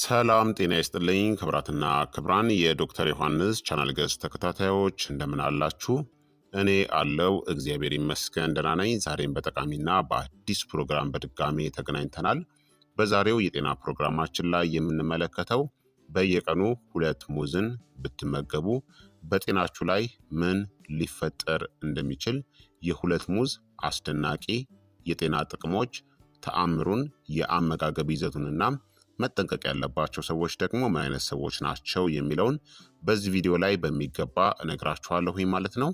ሰላም ጤና ይስጥልኝ ክብራትና ክብራን የዶክተር ዮሐንስ ቻናል ገጽ ተከታታዮች እንደምን አላችሁ? እኔ አለው እግዚአብሔር ይመስገን ደህና ነኝ። ዛሬም በጠቃሚና በአዲስ ፕሮግራም በድጋሜ ተገናኝተናል። በዛሬው የጤና ፕሮግራማችን ላይ የምንመለከተው በየቀኑ ሁለት ሙዝን ብትመገቡ በጤናችሁ ላይ ምን ሊፈጠር እንደሚችል፣ የሁለት ሙዝ አስደናቂ የጤና ጥቅሞች፣ ተአምሩን፣ የአመጋገብ ይዘቱንና መጠንቀቅ ያለባቸው ሰዎች ደግሞ ምን አይነት ሰዎች ናቸው የሚለውን በዚህ ቪዲዮ ላይ በሚገባ እነግራችኋለሁ ማለት ነው።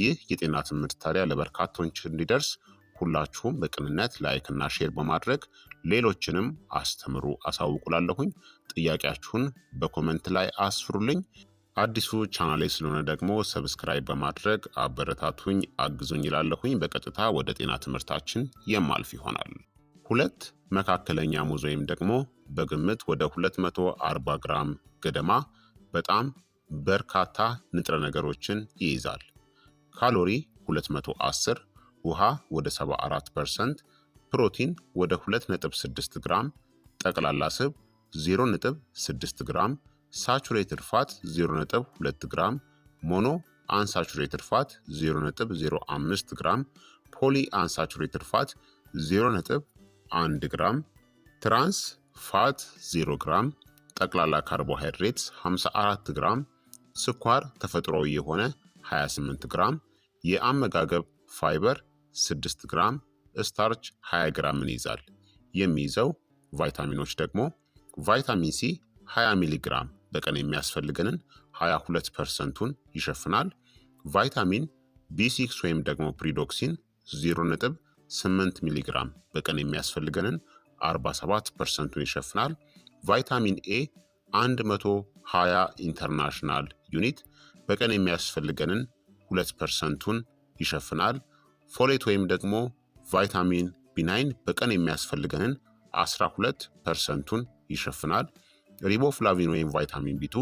ይህ የጤና ትምህርት ታዲያ ለበርካቶች እንዲደርስ ሁላችሁም በቅንነት ላይክና ሼር በማድረግ ሌሎችንም አስተምሩ፣ አሳውቁላለሁኝ። ጥያቄያችሁን በኮመንት ላይ አስፍሩልኝ። አዲሱ ቻናሌ ስለሆነ ደግሞ ሰብስክራይብ በማድረግ አበረታቱኝ፣ አግዙኝ ይላለሁኝ። በቀጥታ ወደ ጤና ትምህርታችን የማልፍ ይሆናል። ሁለት መካከለኛ ሙዝ ወይም ደግሞ በግምት ወደ 240 ግራም ገደማ በጣም በርካታ ንጥረ ነገሮችን ይይዛል። ካሎሪ 210፣ ውሃ ወደ 74 ፐርሰንት፣ ፕሮቲን ወደ 2.6 ግራም፣ ጠቅላላ ስብ 0.6 ግራም፣ ሳቹሬትድ ፋት 0.2 ግራም፣ ሞኖ አንሳቹሬትድ ፋት 0.05 ግራም፣ ፖሊ አንሳቹሬትድ ፋት 0.1 ግራም፣ ትራንስ ፋት 0 ግራም፣ ጠቅላላ ካርቦሃይድሬት 54 ግራም፣ ስኳር ተፈጥሯዊ የሆነ 28 ግራም፣ የአመጋገብ ፋይበር 6 ግራም፣ ስታርች 20 ግራምን ይይዛል። የሚይዘው ቫይታሚኖች ደግሞ ቫይታሚን ሲ 20 ሚሊ ግራም በቀን የሚያስፈልገንን 22 ፐርሰንቱን ይሸፍናል። ቫይታሚን ቢ6 ወይም ደግሞ ፕሪዶክሲን 0.8 ሚሊ ግራም በቀን የሚያስፈልገንን 47 ፐርሰንቱን ይሸፍናል። ቫይታሚን ኤ 120 ኢንተርናሽናል ዩኒት በቀን የሚያስፈልገንን 2 ፐርሰንቱን ይሸፍናል። ፎሌት ወይም ደግሞ ቫይታሚን ቢናይን በቀን የሚያስፈልገንን 12 ፐርሰንቱን ይሸፍናል። ሪቦፍላቪን ወይም ቫይታሚን ቢቱ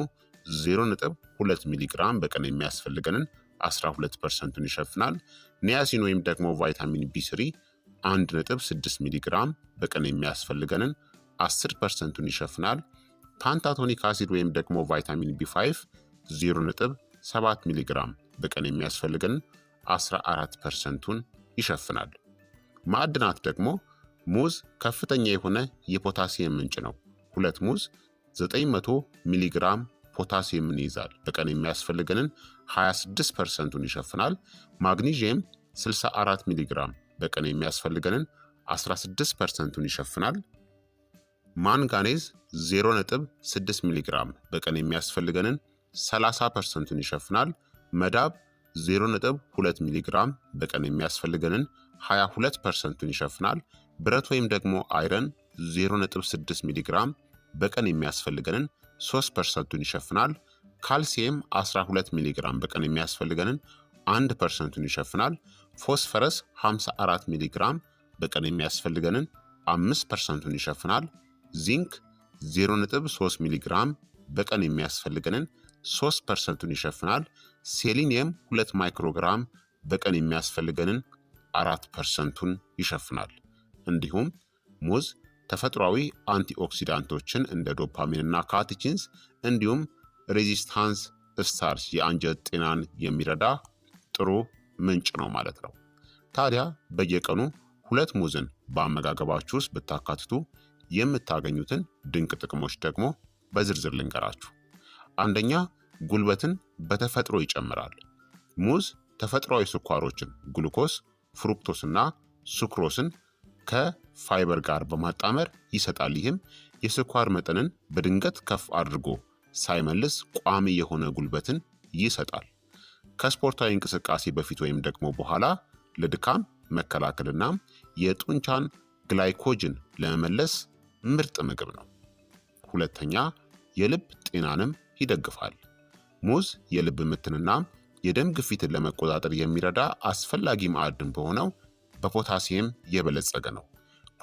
0.2 ሚሊግራም በቀን የሚያስፈልገንን 12 ፐርሰንቱን ይሸፍናል። ኒያሲን ወይም ደግሞ ቫይታሚን ቢ 1.6 ሚሊግራም በቀን የሚያስፈልገንን 10 ፐርሰንቱን ይሸፍናል። ፓንታቶኒክ አሲድ ወይም ደግሞ ቫይታሚን ቢ5 0.7 ሚሊግራም በቀን የሚያስፈልገንን 14 ፐርሰንቱን ይሸፍናል። ማዕድናት ደግሞ ሙዝ ከፍተኛ የሆነ የፖታሲየም ምንጭ ነው። ሁለት ሙዝ 900 ሚሊግራም ፖታሲየምን ይይዛል። በቀን የሚያስፈልገንን 26 ፐርሰንቱን ይሸፍናል። ማግኒዥየም 64 ሚሊግራም በቀን የሚያስፈልገንን 16 ፐርሰንቱን ይሸፍናል። ማንጋኔዝ 0.6 ሚሊግራም በቀን የሚያስፈልገንን 30 ፐርሰንቱን ይሸፍናል። መዳብ 0.2 ሚሊግራም በቀን የሚያስፈልገንን 22 ፐርሰንቱን ይሸፍናል። ብረት ወይም ደግሞ አይረን 0.6 ሚሊግራም በቀን የሚያስፈልገንን 3 ፐርሰንቱን ይሸፍናል። ካልሲየም 12 ሚሊግራም በቀን የሚያስፈልገንን አንድ ፐርሰንቱን ይሸፍናል። ፎስፈረስ 54 ሚሊግራም በቀን የሚያስፈልገንን 5 ፐርሰንቱን ይሸፍናል። ዚንክ 0.3 ሚሊግራም በቀን የሚያስፈልገንን 3 ፐርሰንቱን ይሸፍናል። ሴሊኒየም 2 ማይክሮግራም በቀን የሚያስፈልገንን 4 ፐርሰንቱን ይሸፍናል። እንዲሁም ሙዝ ተፈጥሯዊ አንቲኦክሲዳንቶችን እንደ እና ካቲቺንስ እንዲሁም ሬዚስታንስ ስታርስ የአንጀት ጤናን የሚረዳ ጥሩ ምንጭ ነው ማለት ነው። ታዲያ በየቀኑ ሁለት ሙዝን በአመጋገባችሁ ውስጥ ብታካትቱ የምታገኙትን ድንቅ ጥቅሞች ደግሞ በዝርዝር ልንገራችሁ። አንደኛ ጉልበትን በተፈጥሮ ይጨምራል። ሙዝ ተፈጥሯዊ ስኳሮችን ግሉኮስ፣ ፍሩክቶስና ሱክሮስን ከፋይበር ጋር በማጣመር ይሰጣል። ይህም የስኳር መጠንን በድንገት ከፍ አድርጎ ሳይመልስ ቋሚ የሆነ ጉልበትን ይሰጣል። ከስፖርታዊ እንቅስቃሴ በፊት ወይም ደግሞ በኋላ ለድካም መከላከልና የጡንቻን ግላይኮጅን ለመመለስ ምርጥ ምግብ ነው። ሁለተኛ የልብ ጤናንም ይደግፋል። ሙዝ የልብ ምትንና የደም ግፊትን ለመቆጣጠር የሚረዳ አስፈላጊ ማዕድን በሆነው በፖታሲየም የበለጸገ ነው።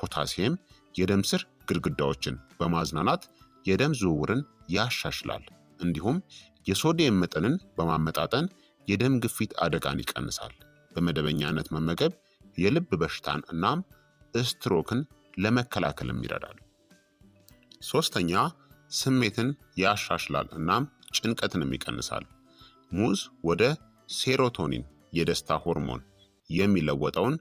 ፖታሲየም የደም ስር ግድግዳዎችን በማዝናናት የደም ዝውውርን ያሻሽላል። እንዲሁም የሶዲየም መጠንን በማመጣጠን የደም ግፊት አደጋን ይቀንሳል። በመደበኛነት መመገብ የልብ በሽታን እናም ስትሮክን ለመከላከልም ይረዳል። ሶስተኛ ስሜትን ያሻሽላል እናም ጭንቀትንም ይቀንሳል። ሙዝ ወደ ሴሮቶኒን የደስታ ሆርሞን የሚለወጠውን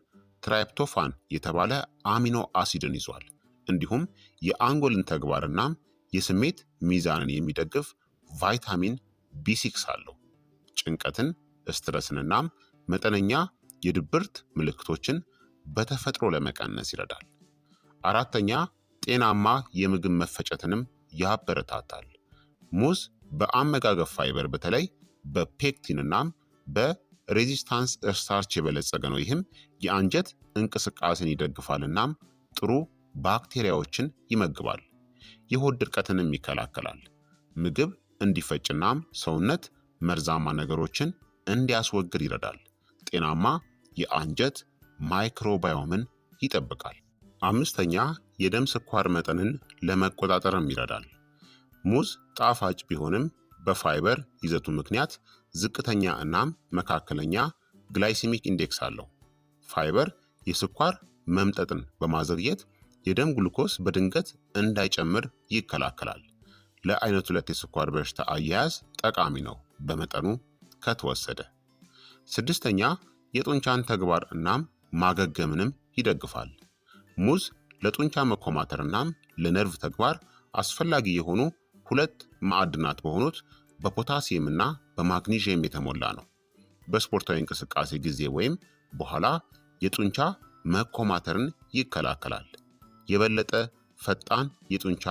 ትራይፕቶፋን የተባለ አሚኖ አሲድን ይዟል። እንዲሁም የአንጎልን ተግባር እናም የስሜት ሚዛንን የሚደግፍ ቫይታሚን ቢሲክስ አለው። ጭንቀትን፣ ስትረስንና መጠነኛ የድብርት ምልክቶችን በተፈጥሮ ለመቀነስ ይረዳል። አራተኛ ጤናማ የምግብ መፈጨትንም ያበረታታል። ሙዝ በአመጋገብ ፋይበር በተለይ በፔክቲንናም በሬዚስታንስ ስታርች የበለጸገ ነው። ይህም የአንጀት እንቅስቃሴን ይደግፋል እናም ጥሩ ባክቴሪያዎችን ይመግባል። የሆድ ድርቀትንም ይከላከላል። ምግብ እንዲፈጭናም ሰውነት መርዛማ ነገሮችን እንዲያስወግድ ይረዳል። ጤናማ የአንጀት ማይክሮባዮምን ይጠብቃል። አምስተኛ የደም ስኳር መጠንን ለመቆጣጠርም ይረዳል። ሙዝ ጣፋጭ ቢሆንም በፋይበር ይዘቱ ምክንያት ዝቅተኛ እናም መካከለኛ ግላይሲሚክ ኢንዴክስ አለው። ፋይበር የስኳር መምጠጥን በማዘግየት የደም ግሉኮስ በድንገት እንዳይጨምር ይከላከላል። ለአይነት ሁለት የስኳር በሽታ አያያዝ ጠቃሚ ነው። በመጠኑ ከተወሰደ። ስድስተኛ የጡንቻን ተግባር እናም ማገገምንም ይደግፋል። ሙዝ ለጡንቻ መኮማተር እናም ለነርቭ ተግባር አስፈላጊ የሆኑ ሁለት ማዕድናት በሆኑት በፖታሲየም እና በማግኒዥየም የተሞላ ነው። በስፖርታዊ እንቅስቃሴ ጊዜ ወይም በኋላ የጡንቻ መኮማተርን ይከላከላል። የበለጠ ፈጣን የጡንቻ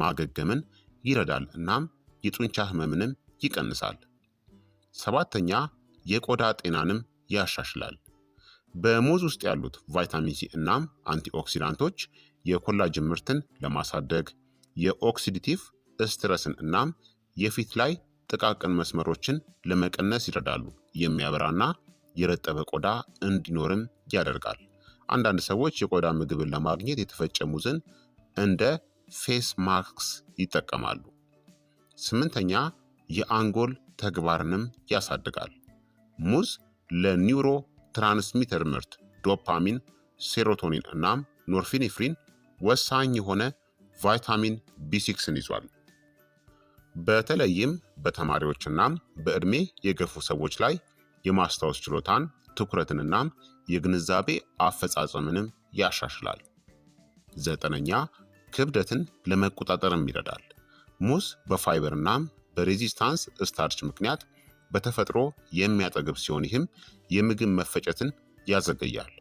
ማገገምን ይረዳል እናም የጡንቻ ህመምንም ይቀንሳል። ሰባተኛ የቆዳ ጤናንም ያሻሽላል። በሙዝ ውስጥ ያሉት ቫይታሚን ሲ እናም አንቲኦክሲዳንቶች የኮላጅን ምርትን ለማሳደግ የኦክሲዲቲቭ ስትረስን እናም የፊት ላይ ጥቃቅን መስመሮችን ለመቀነስ ይረዳሉ። የሚያበራና የረጠበ ቆዳ እንዲኖርም ያደርጋል። አንዳንድ ሰዎች የቆዳ ምግብን ለማግኘት የተፈጨ ሙዝን እንደ ፌስ ማክስ ይጠቀማሉ። ስምንተኛ የአንጎል ተግባርንም ያሳድጋል። ሙዝ ለኒውሮ ትራንስሚተር ምርት ዶፓሚን፣ ሴሮቶኒን እናም ኖርፊኒፍሪን ወሳኝ የሆነ ቫይታሚን ቢሲክስን ይዟል በተለይም በተማሪዎችና በዕድሜ የገፉ ሰዎች ላይ የማስታወስ ችሎታን፣ ትኩረትንና የግንዛቤ አፈጻጸምንም ያሻሽላል። ዘጠነኛ ክብደትን ለመቆጣጠርም ይረዳል። ሙዝ በፋይበርና በሬዚስታንስ ስታርች ምክንያት በተፈጥሮ የሚያጠግብ ሲሆን ይህም የምግብ መፈጨትን ያዘገያል።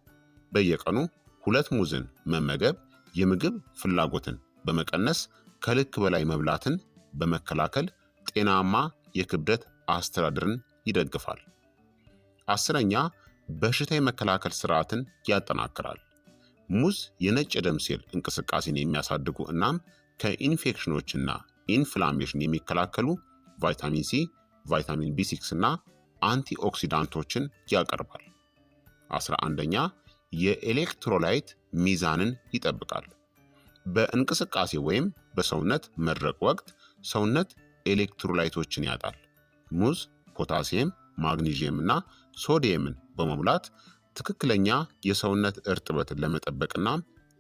በየቀኑ ሁለት ሙዝን መመገብ የምግብ ፍላጎትን በመቀነስ ከልክ በላይ መብላትን በመከላከል ጤናማ የክብደት አስተዳደርን ይደግፋል። አስረኛ በሽታ የመከላከል ስርዓትን ያጠናክራል። ሙዝ የነጭ ደም ሴል እንቅስቃሴን የሚያሳድጉ እናም ከኢንፌክሽኖችና ኢንፍላሜሽን የሚከላከሉ ቫይታሚን ሲ፣ ቫይታሚን ቢ6 እና አንቲኦክሲዳንቶችን ያቀርባል። አንደኛ የኤሌክትሮላይት ሚዛንን ይጠብቃል። በእንቅስቃሴ ወይም በሰውነት መድረቅ ወቅት ሰውነት ኤሌክትሮላይቶችን ያጣል። ሙዝ ፖታሲየም፣ ማግኒዥየም እና ሶዲየምን በመሙላት ትክክለኛ የሰውነት እርጥበትን ለመጠበቅና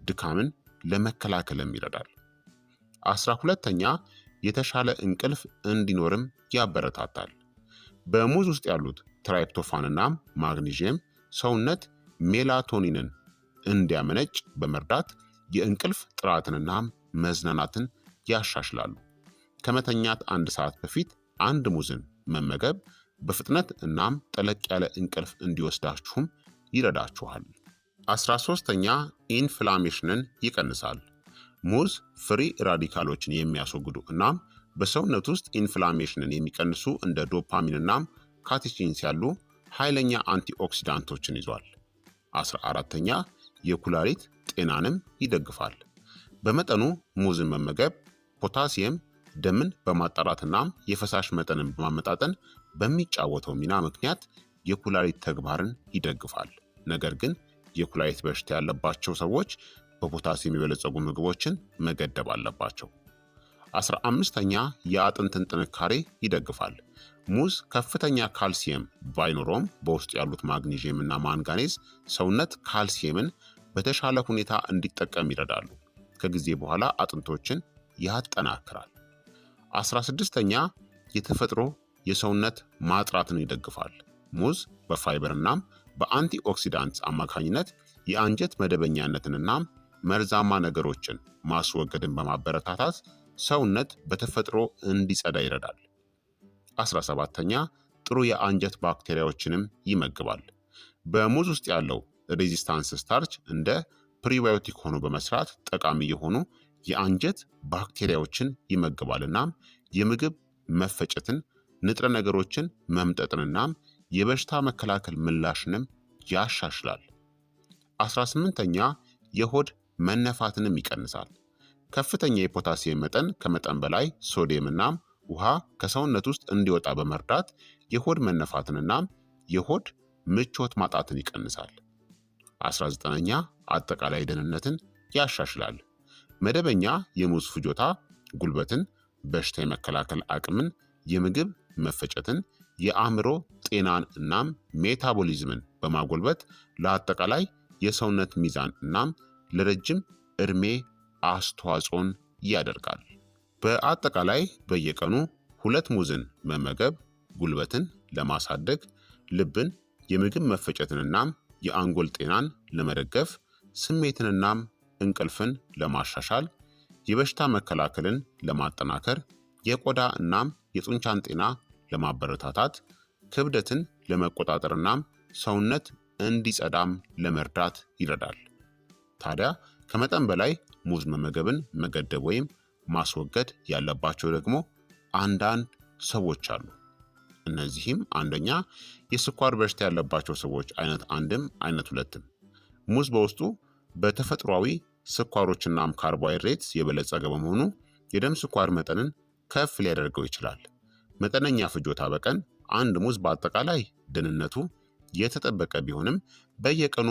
ድካምን ለመከላከልም ይረዳል። አስራ ሁለተኛ የተሻለ እንቅልፍ እንዲኖርም ያበረታታል። በሙዝ ውስጥ ያሉት ትራይፕቶፋንና ማግኒዥየም ሰውነት ሜላቶኒንን እንዲያመነጭ በመርዳት የእንቅልፍ ጥራትንና መዝናናትን ያሻሽላሉ። ከመተኛት አንድ ሰዓት በፊት አንድ ሙዝን መመገብ በፍጥነት እናም ጠለቅ ያለ እንቅልፍ እንዲወስዳችሁም ይረዳችኋል። አስራ ሶስተኛ ኢንፍላሜሽንን ይቀንሳል። ሙዝ ፍሪ ራዲካሎችን የሚያስወግዱ እናም በሰውነት ውስጥ ኢንፍላሜሽንን የሚቀንሱ እንደ ዶፓሚን እናም ካቴቺንስ ያሉ ኃይለኛ አንቲኦክሲዳንቶችን ይዟል። 14ተኛ የኩላሊት ጤናንም ይደግፋል። በመጠኑ ሙዝን መመገብ ፖታሲየም ደምን በማጣራትናም የፈሳሽ መጠንን በማመጣጠን በሚጫወተው ሚና ምክንያት የኩላሊት ተግባርን ይደግፋል። ነገር ግን የኩላሊት በሽታ ያለባቸው ሰዎች በፖታሲየም የበለጸጉ ምግቦችን መገደብ አለባቸው። አስራ አምስተኛ የአጥንትን ጥንካሬ ይደግፋል። ሙዝ ከፍተኛ ካልሲየም ባይኖረውም በውስጡ ያሉት ማግኔዥየም እና ማንጋኔዝ ሰውነት ካልሲየምን በተሻለ ሁኔታ እንዲጠቀም ይረዳሉ። ከጊዜ በኋላ አጥንቶችን ያጠናክራል። አስራ ስድስተኛ የተፈጥሮ የሰውነት ማጥራትን ይደግፋል። ሙዝ በፋይበር በአንቲኦክሲዳንት በአንቲ ኦክሲዳንት አማካኝነት የአንጀት መደበኛነትንና መርዛማ ነገሮችን ማስወገድን በማበረታታት ሰውነት በተፈጥሮ እንዲጸዳ ይረዳል። 17ተኛ ጥሩ የአንጀት ባክቴሪያዎችንም ይመግባል። በሙዝ ውስጥ ያለው ሬዚስታንስ ስታርች እንደ ፕሪባዮቲክ ሆኖ በመስራት ጠቃሚ የሆኑ የአንጀት ባክቴሪያዎችን ይመግባል። እናም የምግብ መፈጨትን፣ ንጥረ ነገሮችን መምጠጥን እናም የበሽታ መከላከል ምላሽንም ያሻሽላል። 18ኛ የሆድ መነፋትንም ይቀንሳል። ከፍተኛ የፖታሲየም መጠን ከመጠን በላይ ሶዲየም እናም ውሃ ከሰውነት ውስጥ እንዲወጣ በመርዳት የሆድ መነፋትን እናም የሆድ ምቾት ማጣትን ይቀንሳል። 19ኛ አጠቃላይ ደህንነትን ያሻሽላል። መደበኛ የሙዝ ፍጆታ ጉልበትን፣ በሽታ የመከላከል አቅምን፣ የምግብ መፈጨትን፣ የአእምሮ ጤናን እናም ሜታቦሊዝምን በማጎልበት ለአጠቃላይ የሰውነት ሚዛን እናም ለረጅም እድሜ አስተዋጽኦን ያደርጋል። በአጠቃላይ በየቀኑ ሁለት ሙዝን መመገብ ጉልበትን ለማሳደግ፣ ልብን፣ የምግብ መፈጨትንናም የአንጎል ጤናን ለመደገፍ፣ ስሜትንናም እንቅልፍን ለማሻሻል፣ የበሽታ መከላከልን ለማጠናከር፣ የቆዳ እናም የጡንቻን ጤና ለማበረታታት፣ ክብደትን ለመቆጣጠርናም ሰውነት እንዲጸዳም ለመርዳት ይረዳል። ታዲያ ከመጠን በላይ ሙዝ መመገብን መገደብ ወይም ማስወገድ ያለባቸው ደግሞ አንዳንድ ሰዎች አሉ። እነዚህም አንደኛ የስኳር በሽታ ያለባቸው ሰዎች አይነት አንድም አይነት ሁለትም። ሙዝ በውስጡ በተፈጥሯዊ ስኳሮችናም ካርቦሃይድሬት የበለጸገ በመሆኑ የደም ስኳር መጠንን ከፍ ሊያደርገው ይችላል። መጠነኛ ፍጆታ በቀን አንድ ሙዝ በአጠቃላይ ደህንነቱ የተጠበቀ ቢሆንም በየቀኑ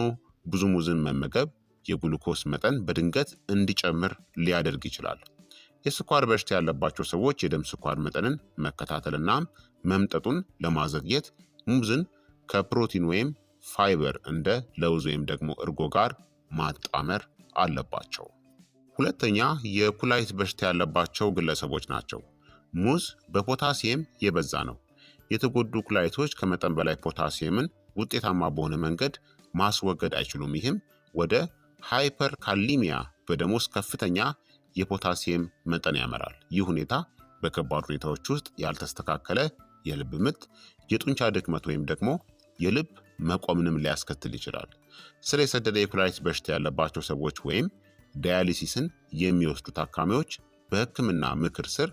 ብዙ ሙዝን መመገብ የግሉኮስ መጠን በድንገት እንዲጨምር ሊያደርግ ይችላል። የስኳር በሽታ ያለባቸው ሰዎች የደም ስኳር መጠንን መከታተልና መምጠጡን ለማዘግየት ሙዝን ከፕሮቲን ወይም ፋይበር እንደ ለውዝ ወይም ደግሞ እርጎ ጋር ማጣመር አለባቸው። ሁለተኛ የኩላሊት በሽታ ያለባቸው ግለሰቦች ናቸው። ሙዝ በፖታሲየም የበዛ ነው። የተጎዱ ኩላሊቶች ከመጠን በላይ ፖታሲየምን ውጤታማ በሆነ መንገድ ማስወገድ አይችሉም። ይህም ወደ ሃይፐርካሊሚያ በደም ውስጥ ከፍተኛ የፖታሲየም መጠን ያመራል። ይህ ሁኔታ በከባድ ሁኔታዎች ውስጥ ያልተስተካከለ የልብ ምት፣ የጡንቻ ድክመት ወይም ደግሞ የልብ መቆምንም ሊያስከትል ይችላል። ስር የሰደደ የኩላሊት በሽታ ያለባቸው ሰዎች ወይም ዳያሊሲስን የሚወስዱ ታካሚዎች በህክምና ምክር ስር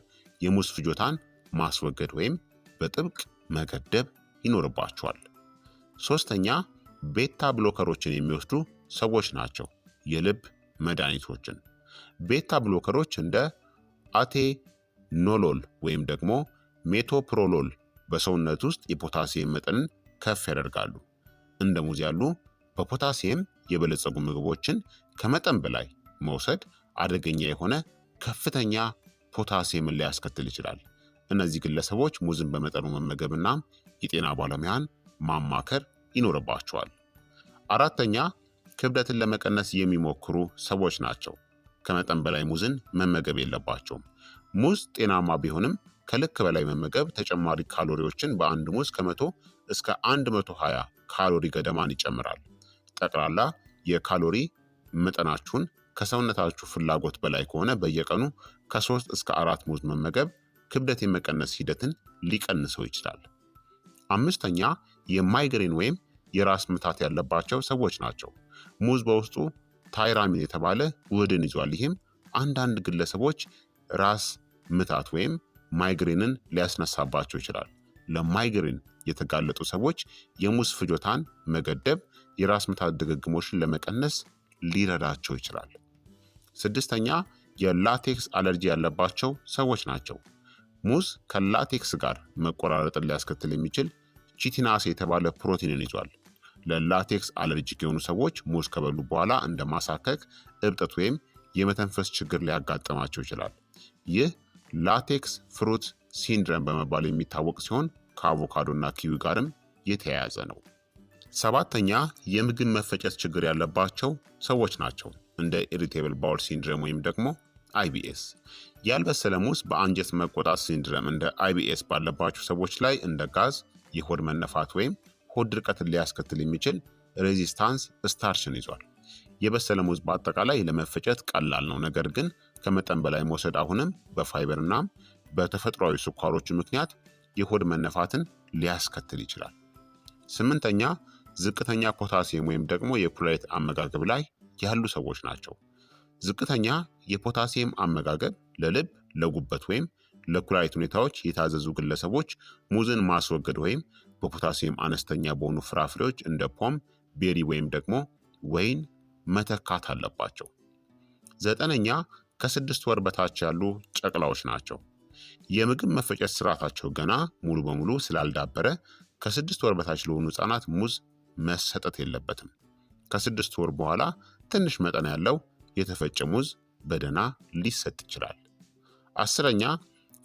የሙዝ ፍጆታን ማስወገድ ወይም በጥብቅ መገደብ ይኖርባቸዋል። ሶስተኛ ቤታ ብሎከሮችን የሚወስዱ ሰዎች ናቸው የልብ መድኃኒቶችን። ቤታ ብሎከሮች እንደ አቴ ኖሎል ወይም ደግሞ ሜቶፕሮሎል በሰውነት ውስጥ የፖታሲየም መጠንን ከፍ ያደርጋሉ። እንደ ሙዝ ያሉ በፖታሲየም የበለጸጉ ምግቦችን ከመጠን በላይ መውሰድ አደገኛ የሆነ ከፍተኛ ፖታሲየምን ሊያስከትል ይችላል። እነዚህ ግለሰቦች ሙዝን በመጠኑ መመገብና የጤና ባለሙያን ማማከር ይኖርባቸዋል። አራተኛ ክብደትን ለመቀነስ የሚሞክሩ ሰዎች ናቸው። ከመጠን በላይ ሙዝን መመገብ የለባቸውም። ሙዝ ጤናማ ቢሆንም ከልክ በላይ መመገብ ተጨማሪ ካሎሪዎችን በአንድ ሙዝ ከመቶ እስከ 120 ካሎሪ ገደማን ይጨምራል። ጠቅላላ የካሎሪ መጠናችሁን ከሰውነታችሁ ፍላጎት በላይ ከሆነ በየቀኑ ከ3 እስከ አራት ሙዝ መመገብ ክብደት የመቀነስ ሂደትን ሊቀንሰው ይችላል። አምስተኛ የማይግሬን ወይም የራስ ምታት ያለባቸው ሰዎች ናቸው። ሙዝ በውስጡ ታይራሚን የተባለ ውህድን ይዟል። ይህም አንዳንድ ግለሰቦች ራስ ምታት ወይም ማይግሬንን ሊያስነሳባቸው ይችላል። ለማይግሬን የተጋለጡ ሰዎች የሙዝ ፍጆታን መገደብ የራስ ምታት ድግግሞሽን ለመቀነስ ሊረዳቸው ይችላል። ስድስተኛ የላቴክስ አለርጂ ያለባቸው ሰዎች ናቸው። ሙዝ ከላቴክስ ጋር መቆራረጥን ሊያስከትል የሚችል ቺቲናስ የተባለ ፕሮቲንን ይዟል። ለላቴክስ አለርጂክ የሆኑ ሰዎች ሙዝ ከበሉ በኋላ እንደ ማሳከክ፣ እብጠት ወይም የመተንፈስ ችግር ሊያጋጥማቸው ይችላል። ይህ ላቴክስ ፍሩት ሲንድረም በመባል የሚታወቅ ሲሆን ከአቮካዶና ኪዊ ጋርም የተያያዘ ነው። ሰባተኛ የምግብ መፈጨት ችግር ያለባቸው ሰዎች ናቸው። እንደ ኢሪቴብል ባውል ሲንድረም ወይም ደግሞ አይቢኤስ ያልበሰለ ሙዝ በአንጀት መቆጣት ሲንድረም እንደ አይቢኤስ ባለባቸው ሰዎች ላይ እንደ ጋዝ፣ የሆድ መነፋት ወይም ሆድ ድርቀትን ሊያስከትል የሚችል ሬዚስታንስ ስታርችን ይዟል። የበሰለ ሙዝ በአጠቃላይ ለመፈጨት ቀላል ነው፣ ነገር ግን ከመጠን በላይ መውሰድ አሁንም በፋይበር እናም በተፈጥሯዊ ስኳሮች ምክንያት የሆድ መነፋትን ሊያስከትል ይችላል። ስምንተኛ ዝቅተኛ ፖታሲየም ወይም ደግሞ የኩላሊት አመጋገብ ላይ ያሉ ሰዎች ናቸው። ዝቅተኛ የፖታሲየም አመጋገብ ለልብ፣ ለጉበት ወይም ለኩላሊት ሁኔታዎች የታዘዙ ግለሰቦች ሙዝን ማስወገድ ወይም በፖታሲየም አነስተኛ በሆኑ ፍራፍሬዎች እንደ ፖም፣ ቤሪ ወይም ደግሞ ወይን መተካት አለባቸው። ዘጠነኛ ከስድስት ወር በታች ያሉ ጨቅላዎች ናቸው። የምግብ መፈጨት ስርዓታቸው ገና ሙሉ በሙሉ ስላልዳበረ ከስድስት ወር በታች ለሆኑ ህጻናት ሙዝ መሰጠት የለበትም። ከስድስት ወር በኋላ ትንሽ መጠን ያለው የተፈጨ ሙዝ በደና ሊሰጥ ይችላል። አስረኛ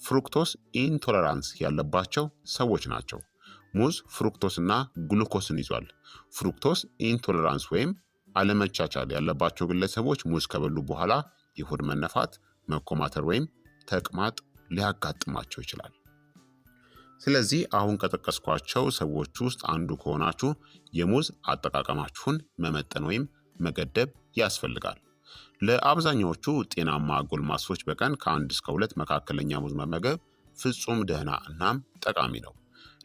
ፍሩክቶስ ኢንቶለራንስ ያለባቸው ሰዎች ናቸው። ሙዝ ፍሩክቶስና ግሉኮስን ይዟል። ፍሩክቶስ ኢንቶለራንስ ወይም አለመቻቻል ያለባቸው ግለሰቦች ሙዝ ከበሉ በኋላ የሆድ መነፋት፣ መኮማተር ወይም ተቅማጥ ሊያጋጥማቸው ይችላል። ስለዚህ አሁን ከጠቀስኳቸው ሰዎች ውስጥ አንዱ ከሆናችሁ የሙዝ አጠቃቀማችሁን መመጠን ወይም መገደብ ያስፈልጋል። ለአብዛኛዎቹ ጤናማ ጎልማሶች በቀን ከአንድ እስከ ሁለት መካከለኛ ሙዝ መመገብ ፍጹም ደህና እናም ጠቃሚ ነው።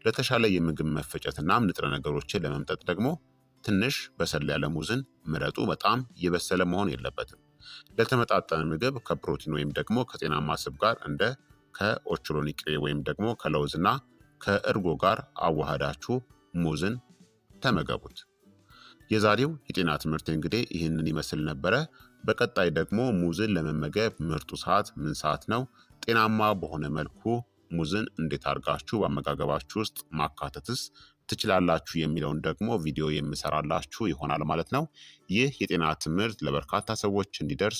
ለተሻለ የምግብ መፈጨትና ንጥረ ነገሮችን ለመምጠጥ ደግሞ ትንሽ በሰል ያለ ሙዝን ምረጡ። በጣም የበሰለ መሆን የለበትም። ለተመጣጠነ ምግብ ከፕሮቲን ወይም ደግሞ ከጤናማ ስብ ጋር እንደ ከኦቾሎኒ ቅቤ ወይም ደግሞ ከለውዝና ከእርጎ ጋር አዋህዳችሁ ሙዝን ተመገቡት። የዛሬው የጤና ትምህርት እንግዲህ ይህንን ይመስል ነበረ። በቀጣይ ደግሞ ሙዝን ለመመገብ ምርጡ ሰዓት ምን ሰዓት ነው? ጤናማ በሆነ መልኩ ሙዝን እንዴት አድርጋችሁ በአመጋገባችሁ ውስጥ ማካተትስ ትችላላችሁ የሚለውን ደግሞ ቪዲዮ የምሰራላችሁ ይሆናል ማለት ነው። ይህ የጤና ትምህርት ለበርካታ ሰዎች እንዲደርስ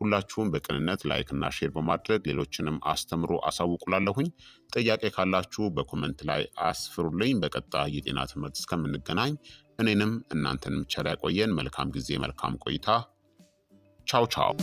ሁላችሁም በቅንነት ላይክና ሼር በማድረግ ሌሎችንም አስተምሮ አሳውቁላለሁኝ። ጥያቄ ካላችሁ በኮመንት ላይ አስፍሩልኝ። በቀጣይ የጤና ትምህርት እስከምንገናኝ እኔንም እናንተንም ቸር ያቆየን። መልካም ጊዜ፣ መልካም ቆይታ። ቻው ቻው።